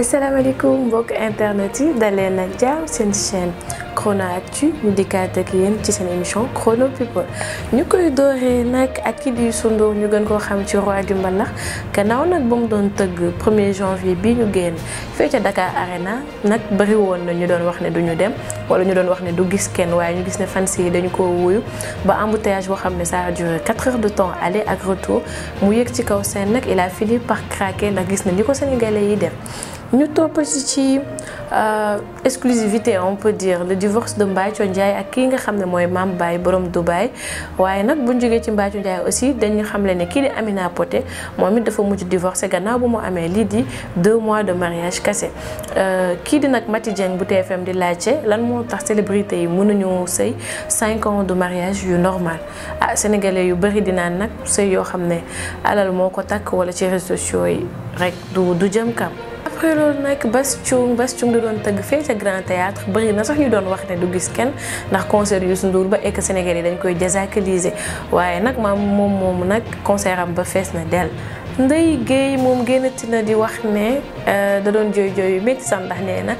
asalaamaaleykum mbokk internet yi dalee nag jàmm seen chaîne Chrono Actu ñu dikkaat ak yéen ci seen émission Chrono People ñu koy dooree nag ak kii di Youssou Ndour ñu gën koo xam ci roi du mbalax gannaaw nag ba mu doon tëgg premier er janvier bi ñu génn fee ca Dakar Arena nag bëri woon na ñu doon wax ne du ñu dem wala ñu doon wax ne du gis kenn waaye ñu gis ne fans yi dañu ko wuyu ba embouteillage boo xam ne ça a duré heures de temps aller ak retour mu yëg ci kaw seen nag il a par craquer ndax gis na ni ko sénégalais yi def. ñu topp ci ci euh, exclusivité on peut dire le divorce de Mbathio njaay ak kii nga xam ne mooy Mame Baye borom Dubaï waaye nag bu ñu jógee ci Mbathio Ndiaye aussi dañu xamle ne kii di Amina Poté moom it dafa mujj divorcé gannaaw bu mu amee lii di deux mois de mariage cassé euh, kii di nag Mati Dieng bu TFM di laajte lan moo tax célébrité yi mënuñu sëy cinq ans de mariage yu normal ah sénégalais yu bëri di naan nag sëy yoo xam ne alal moo ko takk wala ci réseaux yi rek du du jëm après loolu nag Bass Thioung Bass Thioung da doon tëgg fee ca Grand Théâtre bëri na sax ñu doon wax ne du gis kenn ndax concert Youssou Ndour ba ekk Sénégal yi dañ koy désacraliser waaye nag maam moom moomu nag concert ba fees na del Ndeye Guèye moom génnati na di wax ne euh, da doon jooy jooy yu métti sax ndax nee na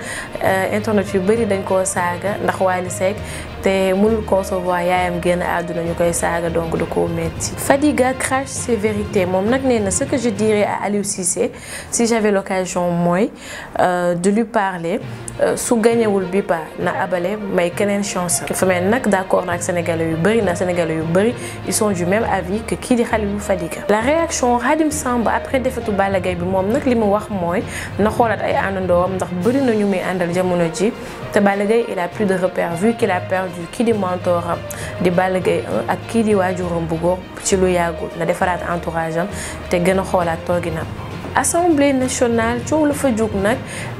euh, internet yu bëri dañ koo saaga ndax Wally Seck te mënul concevoir yaayam génn àdduna ñu koy saaga donc da ko metti Fadiga crache ses vérités moom nag nee na ce que je dirais à Aliou Cissé si j'avais l'occasion mooy euh, de lui parler euh, su gañewul bi ba na abale may keneen chance dafa mel nag d'accord na ak sénégalais yu bëri na sénégalais yu bëri ils sont du même avis que kii di Khalilou Fadiga la réaction Khadim Samb après defetu Balla Gaye bi moom nag li mu wax mooy na xoolaat ay àndandoom ndax bëri na ñu muy àndal jamono ji te Balla Gaye il a plus de repères vu qu'il a perdu waajur kii di mentooram di Balla ak kii di waajuram bu góor ci lu yàggul na defaraat entourage te gën a xoolaat tooginam assemblée nationale coow la fa jóg nag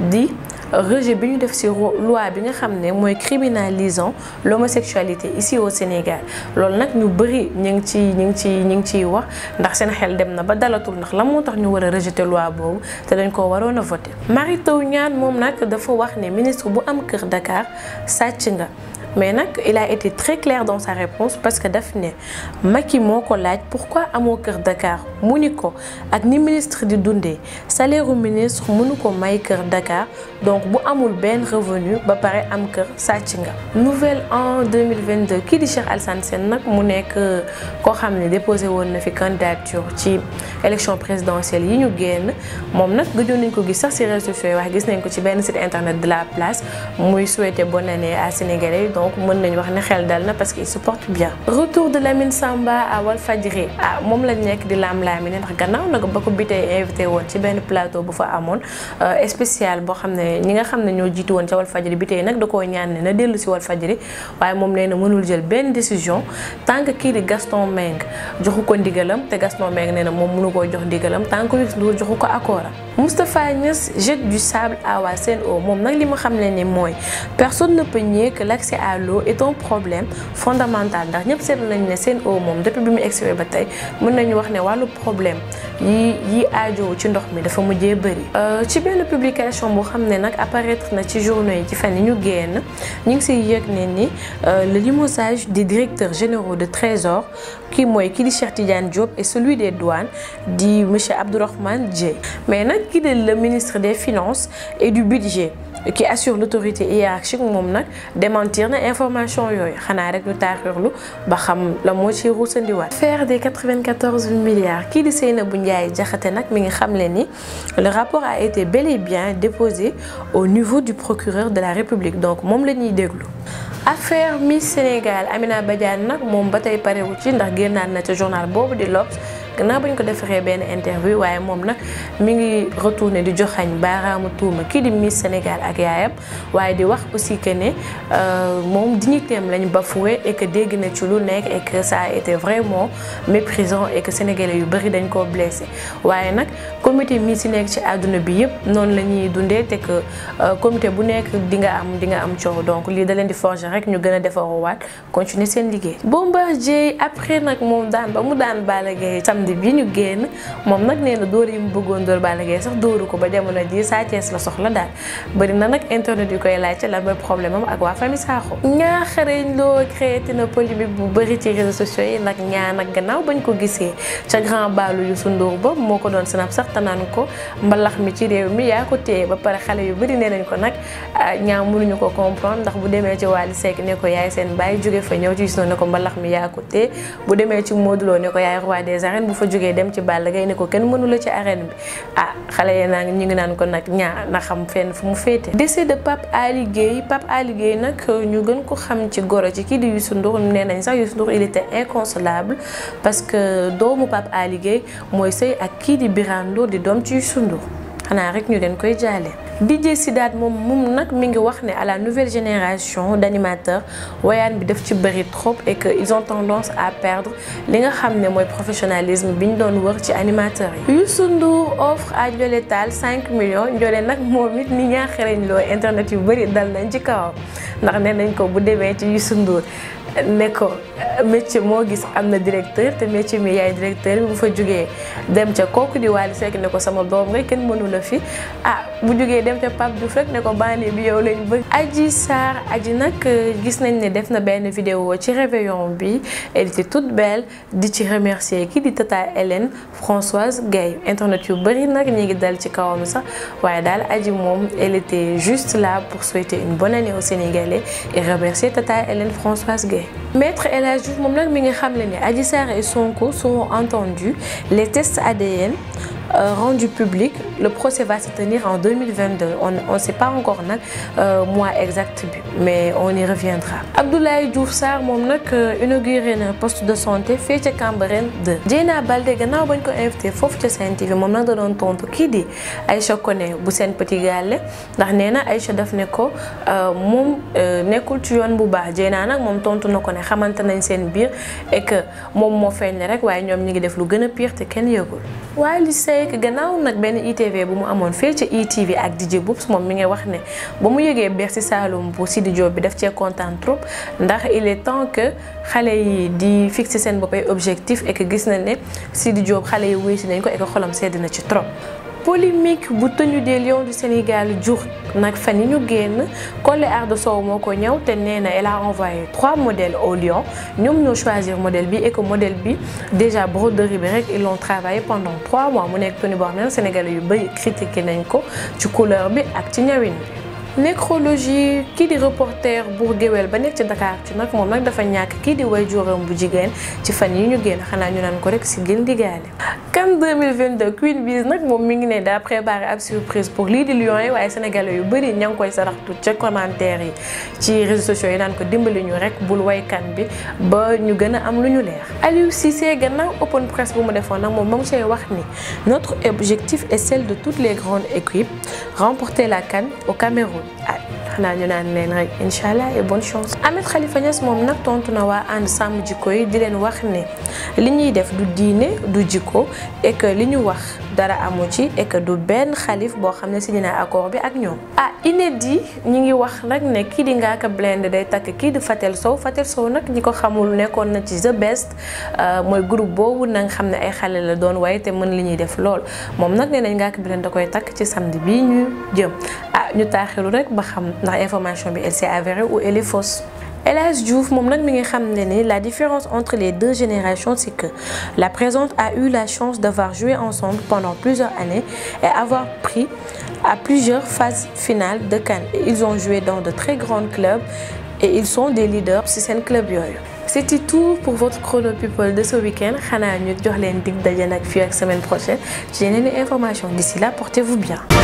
di rejet bi ñu def ci loi bi nga xam ne mooy criminalisant l'homosexualité ici au Sénégal loolu nag ñu bëri ñu ngi ci ñu ngi ci ñu ngi ciy wax ndax seen xel dem na ba dalatul ndax lan moo tax ñu war a rejeter loi boobu te dañ ko waroon a voter Mary Teuw Niane moom nag dafa wax ne ministre bu am kër dakaar sàcc nga mais nag il a été très clair dans sa réponse parce que daf ne Macky moo ko laaj pourquoi amoo kër dakaar mu ni ko ak ni ministre di dundee salaire u ministre mënu ko may kër Dakar donc bu amul benn revenu ba pare am kër sàcc nga. nouvelle en deux kii di Cheikh Alassane Sène nag mu nekk euh, koo xam ne déposé woon na fi candidature ci élection présidentielle yi ñu génn moom nag gëjoon nañ ko gis sax si réseaux sociaux wax gis nañ ko ci benn site internet de la place muy souhaiter bonne année à Sénégalais donc mën nañu wax ne xel dal na parce que se porte bien. retour de Lamine awal à Walfadjri ah moom lañ nekk di la laami ne ndax gannaaw nag ba ko bitee invité woon ci benn plateau bu fa amoon euh, spécial boo xam ne ñi nga xam ne ñoo jiitu woon ca Walfadjri bi tey nag da koo ñaan ne na dellu si Walfadjri waaye moom nee na mënul jël benn décision tant que Gaston Mbengue joxu ko ndigalam te Gaston Mbengue nee koo jox ndigalam tant que Youssou ko accord Moustapha Niass jette du sable à waa Sen'Eau moom nag li ma xam ne ni mooy personne ne peut nier que l'accès à l'eau est un problème fondamental ndax ñëpp seetlu nañu ne Sen'Eau moom depuis bi mu expirer ba tey mën nañu wax ne wàllu problème yi yi aajowu ci ndox mi dafa mujjee bëri euh, ci benn publication boo xam ne nag apparaître na ci journaux yi ci fan yi ñu génn ñu ngi siy yëg ne ni euh, le limogeage des directeurs généraux de Trésor kii mooy kii di Cheikh Tidiane Diop et celui des douanes di monsieur Abdourahmane Dieye mais nag kii de le ministre des finances et du budget ki assure l'autorité hiérarchique moom nag démentir na information yooyu xanaa rek ñu taaxirlu ba xam la moo ci ruusandiwaat. affaire des 94 milliards kii di bu Ndiaye jaxate nag mi ngi xam leen ni le rapport a été bel bien déposé au niveau du procureur de la République donc moom la ñuy déglu. affaire Miss Sénégal Amina Badiane nag moom ba tey parewu ci ndax génnaat na ca journal boobu di L'Obs. gannaaw ba ñu ko defaree benn interview waaye moom nag mi ngi retourné di joxañ baaraamu tuuma kii di Miss Sénégal ak yaayam waaye di wax aussi que ne euh, moom dignitéem lañ bafoué et que dégg na ci lu nekk et que ça a été vraiment méprisant et que sénégalais yu bëri dañ koo blessé waaye nag comité mi si nekk ci àdduna bi yëpp noonu la ñuy dundee te que euh, comité bu nekk di nga am di nga am coow donc lii da leen di forger rek ñu gën a defaruwaat continuer seen liggéey Bombardier samedi bi ñu génn moom nag nee na dóor yi mu bëggoon dóor Balla Gaye sax dóoru ko ba jamono ji Sa Thiès la soxla daal bëri na nag internet yu koy laajte lan mooy problème am ak waa famille Sakho ñaaxareñ loo créé na polémique bu bëri ci réseaux sociaux yi nag ñaan ko gisee ca grand baalu Youssou ko doon snap mi ci réew mi yaa ko téye ba pare xale yu bëri nee nañ ko nag ah, ñaaw mënuñu ko comprendre ndax bu demee ci Wally ne ko yaay seen bàyyi jóge fa ñëw ci Youssou ne ko mbalax mi yaa ko téye bu demee ci Modou ne ko yaay roi des arènes bu fa jógee dem ci Balla Gaye ne ko kenn mënula ci arène bi ah xale yi naan ñu ngi naan ko nag ñaa na xam fenn fu mu féete décès de Pape liggéey Gueye Pape liggéey nag ñu gën ko xam ci goro ci kii di Youssou Ndour nee nañ sax Youssou Ndour il était inconsolable parce que doomu Pape Aly Gueye mooy sëy ak kii di Birane di doom ci Youssou xanaa rek ñu leen koy jaale DJ Sidath moom moom nag mi ngi wax ne à la nouvelle génération d'animateurs woyaan bi def ci bëri trop et que ils ont tendance à perdre li nga xam ne mooy professionnalisme bi ñu doon wër ci animateur yi. Youssou Ndour offre à Ndiolé Tall millions Ndiolé nag moom it ni ñaaxereñ loo internet yu bëri dal nañ ci kawam ndax nee nañ ko bu demee ci Youssou Ndour ne ko métier moo gis am na directeur te métier mi yaay directeur bi bu fa jugee dem ca kooku di Wally Seck ne ko sama doom nga kenn mënula la fi ah bu jugee dem ca Pape Diouf rek ne ko baane bi yow lañ bëgg. Adji Sarr Adji nag euh, gis nañ ne def na benn vidéo ci réveillon bi elle était toute belle di ci remercier kii di tata Hélène Françoise Gaye internet yu bëri nag ñi ngi dal ci kawam sax waaye daal Adji moom elle était juste là pour souhaiter une bonne année aux Sénégalais procès. Maître El Hadji Diouf moom nag mi nga xam le ne Adji Sarr et Sonko seront entendus les tests ADN Euh, rendu public le procès va se tenir en 2022 on ne sait pas encore nag euh, mois exact bi mais on y reviendra Abdoulaye Diouf saar moom nag euh, inauguré na poste de santé fii ca Cambérène 2 Dieyna Baldé gannaaw bañ ko invité foofu ca Sen TV moom nag da doon tontu kii di Aïcha Koné bu seen petit gàlle ndax nee na Aïcha daf ne ko moom nekkul ci yoon bu baax Dieyna nag moom tontu na ko ne xamante nañ seen biir et que moom moo feeñ ne rek waaye ñoom ñu ngi def lu gën a pire kenn yëgul c'est gannaaw nag benn ITV bu mu amoon fii ca ITV ak DJ Boubs moom mi ngi wax ne ba mu yëgee Bercy Saloum bu Sidi Diop bi def cee kontaan trop ndax il est temps que xale yi di fixer seen boppay objectif et gis na ne Sidi Diop xale yi wuyu si nañ ko et que xolam sedd na ci trop. polémique bu tenue des Lions du Sénégal jur nag fan yi ñu génn Collé Ardo Sow moo ko ñëw te nee na elle a envoyé trois modèles aux Lions ñoom ñoo choisir model bi et que modèle bi déjà broderie bi rek ils l'ont travaillé pendant trois mois mu nekk tenue boo xam ne Sénégalais yu bëri nañ ko ci couleur bi ak ci ñawin bi nécrologie kii di reporter buur géwél ba nekk ci Dakar ci nag moom nag dafa ñàkk kii di way juróom bu jigéen ci fan yi ñu génn xanaa ñu naan ko rek si gën di gaale CAN 2022 Queen Biz nag moom mi ngi ne daa préparé ab surprise pour lii di Lions yi waaye sénégalais yu bëri ña ngi koy saraxtu ca commentaire yi ci réseaux sociaux yi naan ko dimbali ñu rek bul way CAN bi ba ñu gën am lu ñu leer. Aliou Cissé gannaaw open press bu mu defoon nag moom moom cay wax ni notre objectif est celle de toutes les grandes équipes remporter la CAN au Cameroun. xanaa ñu naan leen rek incha allah et bonne chance. Ahmed Khalifa Niass moom nag tontu na waa ànd samm jikko yi di leen wax ne li ñuy def du diine du jikko et li ñu wax dara amu ci et du benn xalif boo xam ne signé na accord bi ak ñoom. ah inédit ñi ngi wax nag ne kii di Ngaaka Blindé day takk kii di Fatel Sow Fatel Sow nag ñi ko xamul nekkoon na ci The Best euh, mooy groupe boobu na xam ne ay xale la doon waaye te mën li ñuy def lool moom nag nee nañ Ngaaka Blindé da koy takk ci samedi bii ñu jëm. ñu taaxilu rek ba xam ndax information bi elle s'est avérée ou elle est fausse. El Hadj moom nag mi ngi xam ne la différence entre les deux générations c'est que la présente a eu la chance d'avoir joué ensemble pendant plusieurs années et avoir pris à plusieurs phases finales de CAN. Ils ont joué dans de très grands clubs et ils sont des leaders ci seen club tout pour votre chrono people de ce week xanaa ñu jox leen dig daje nag fii ak semaine prochaine ci yeneen information d'ici là portez-vous bien.